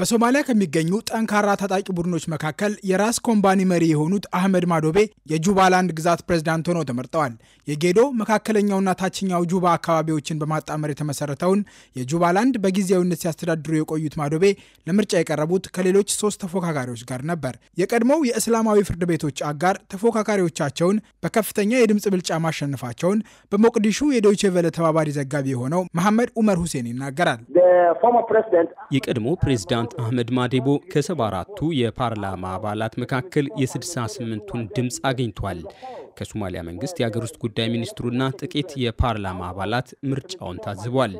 በሶማሊያ ከሚገኙ ጠንካራ ታጣቂ ቡድኖች መካከል የራስ ኮምባኒ መሪ የሆኑት አህመድ ማዶቤ የጁባላንድ ግዛት ፕሬዝዳንት ሆነው ተመርጠዋል። የጌዶ መካከለኛውና ታችኛው ጁባ አካባቢዎችን በማጣመር የተመሰረተውን የጁባላንድ በጊዜያዊነት ሲያስተዳድሩ የቆዩት ማዶቤ ለምርጫ የቀረቡት ከሌሎች ሶስት ተፎካካሪዎች ጋር ነበር። የቀድሞው የእስላማዊ ፍርድ ቤቶች አጋር ተፎካካሪዎቻቸውን በከፍተኛ የድምፅ ብልጫ ማሸነፋቸውን በሞቅዲሹ የዶይቼ ቬለ ተባባሪ ዘጋቢ የሆነው መሐመድ ኡመር ሁሴን ይናገራል። የቀድሞ ፕሬዝዳንት ፕሬዚዳንት አህመድ ማዴቦ ከሰባ አራቱ የፓርላማ አባላት መካከል የስድሳ ስምንቱን ድምፅ አግኝቷል። ከሶማሊያ መንግስት የአገር ውስጥ ጉዳይ ሚኒስትሩና ጥቂት የፓርላማ አባላት ምርጫውን ታዝቧል።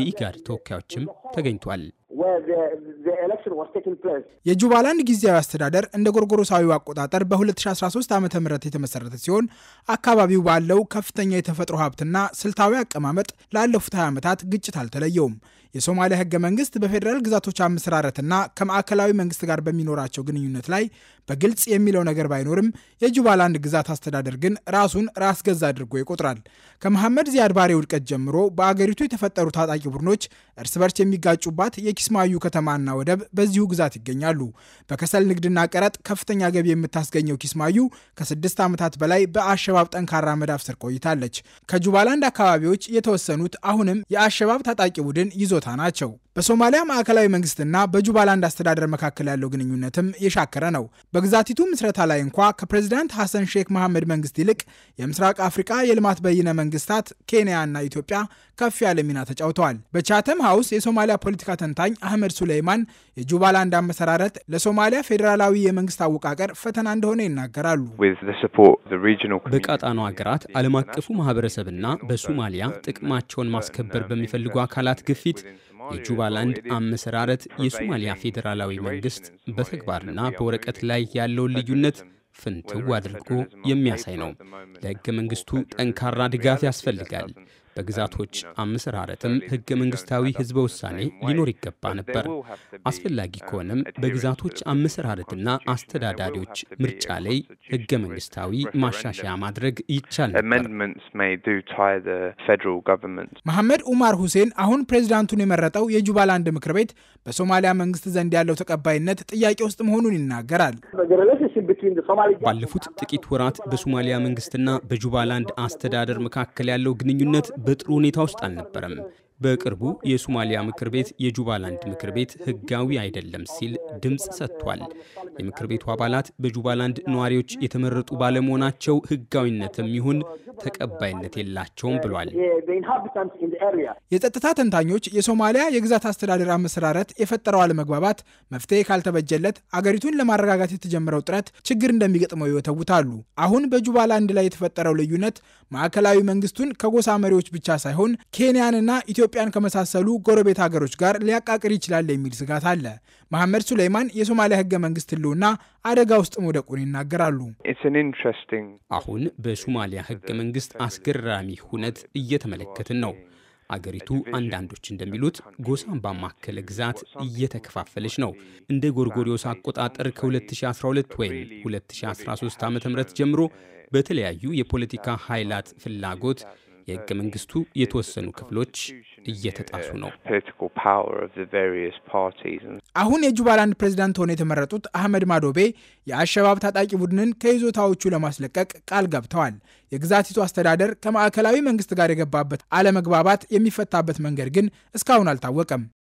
የኢጋድ ተወካዮችም ተገኝቷል። የጁባላንድ ጊዜያዊ አስተዳደር እንደ ጎርጎሮሳዊ አቆጣጠር በ2013 ዓ ም የተመሰረተ ሲሆን አካባቢው ባለው ከፍተኛ የተፈጥሮ ሀብትና ስልታዊ አቀማመጥ ላለፉት 20 ዓመታት ግጭት አልተለየውም። የሶማሊያ ህገ መንግስት በፌዴራል ግዛቶች አመሰራረትና ከማዕከላዊ መንግስት ጋር በሚኖራቸው ግንኙነት ላይ በግልጽ የሚለው ነገር ባይኖርም የጁባላንድ ግዛት አስተዳደር ግን ራሱን ራስ ገዝ አድርጎ ይቆጥራል። ከመሐመድ ዚያድ ባሬ ውድቀት ጀምሮ በአገሪቱ የተፈጠሩ ታጣቂ ቡድኖች እርስ በርስ የሚጋጩባት የኪስማዩ ከተማና ወደብ በዚሁ ግዛት ይገኛሉ። በከሰል ንግድና ቀረጥ ከፍተኛ ገቢ የምታስገኘው ኪስማዩ ከስድስት ዓመታት በላይ በአሸባብ ጠንካራ መዳፍ ስር ቆይታለች። ከጁባላንድ አካባቢዎች የተወሰኑት አሁንም የአሸባብ ታጣቂ ቡድን ይዞታ ናቸው። በሶማሊያ ማዕከላዊ መንግስትና በጁባላንድ አስተዳደር መካከል ያለው ግንኙነትም የሻከረ ነው። በግዛቲቱ ምስረታ ላይ እንኳ ከፕሬዚዳንት ሐሰን ሼክ መሐመድ መንግስት ይልቅ የምስራቅ አፍሪቃ የልማት በይነ መንግስታት ና ኢትዮጵያ ከፍ ያለ ሚና ተጫውተዋል። በቻተም ሀውስ የሶማሊያ ፖለቲካ ተንታኝ አህመድ ሱሌይማን የጁባላንድ አመሰራረት ለሶማሊያ ፌዴራላዊ የመንግስት አወቃቀር ፈተና እንደሆነ ይናገራሉ። በቀጣናው ሀገራት ዓለም አቀፉ ማህበረሰብና በሶማሊያ ጥቅማቸውን ማስከበር በሚፈልጉ አካላት ግፊት የጁባላንድ አመሰራረት የሶማሊያ ፌዴራላዊ መንግስት በተግባርና በወረቀት ላይ ያለውን ልዩነት ፍንትው አድርጎ የሚያሳይ ነው። ለሕገ መንግስቱ ጠንካራ ድጋፍ ያስፈልጋል። በግዛቶች አመሰራረትም uh, ህገ መንግስታዊ ህዝበ ውሳኔ ሊኖር ይገባ ነበር። አስፈላጊ ከሆነም በግዛቶች አመሰራረትና አስተዳዳሪዎች ምርጫ ላይ ህገ መንግስታዊ ማሻሻያ ማድረግ ይቻል ነበር። መሐመድ ኡማር ሁሴን አሁን ፕሬዚዳንቱን የመረጠው የጁባላንድ ምክር ቤት በሶማሊያ መንግስት ዘንድ ያለው ተቀባይነት ጥያቄ ውስጥ መሆኑን ይናገራል። ባለፉት ጥቂት ወራት በሶማሊያ መንግስትና በጁባላንድ አስተዳደር መካከል ያለው ግንኙነት በጥሩ ሁኔታ ውስጥ አልነበረም። በቅርቡ የሶማሊያ ምክር ቤት የጁባላንድ ምክር ቤት ህጋዊ አይደለም ሲል ድምፅ ሰጥቷል። የምክር ቤቱ አባላት በጁባላንድ ነዋሪዎች የተመረጡ ባለመሆናቸው ህጋዊነትም ይሁን ተቀባይነት የላቸውም ብሏል። የጸጥታ ተንታኞች የሶማሊያ የግዛት አስተዳደር አመሰራረት የፈጠረው አለመግባባት መፍትሄ ካልተበጀለት አገሪቱን ለማረጋጋት የተጀመረው ጥረት ችግር እንደሚገጥመው ይወተውታሉ። አሁን በጁባላንድ ላይ የተፈጠረው ልዩነት ማዕከላዊ መንግስቱን ከጎሳ መሪዎች ብቻ ሳይሆን ኬንያንና ኢትዮ ኢትዮጵያን ከመሳሰሉ ጎረቤት ሀገሮች ጋር ሊያቃቅር ይችላል የሚል ስጋት አለ። መሐመድ ሱሌይማን የሶማሊያ ህገ መንግስት ህልውና አደጋ ውስጥ መውደቁን ይናገራሉ። አሁን በሶማሊያ ህገ መንግስት አስገራሚ ሁነት እየተመለከትን ነው። አገሪቱ አንዳንዶች እንደሚሉት ጎሳን ባማከለ ግዛት እየተከፋፈለች ነው። እንደ ጎርጎሪዮስ አቆጣጠር ከ2012 ወይም 2013 ዓ ም ጀምሮ በተለያዩ የፖለቲካ ኃይላት ፍላጎት የህገ መንግስቱ የተወሰኑ ክፍሎች እየተጣሱ ነው። አሁን የጁባላንድ ፕሬዚዳንት ሆነው የተመረጡት አህመድ ማዶቤ የአሸባብ ታጣቂ ቡድንን ከይዞታዎቹ ለማስለቀቅ ቃል ገብተዋል። የግዛቲቱ አስተዳደር ከማዕከላዊ መንግስት ጋር የገባበት አለመግባባት የሚፈታበት መንገድ ግን እስካሁን አልታወቀም።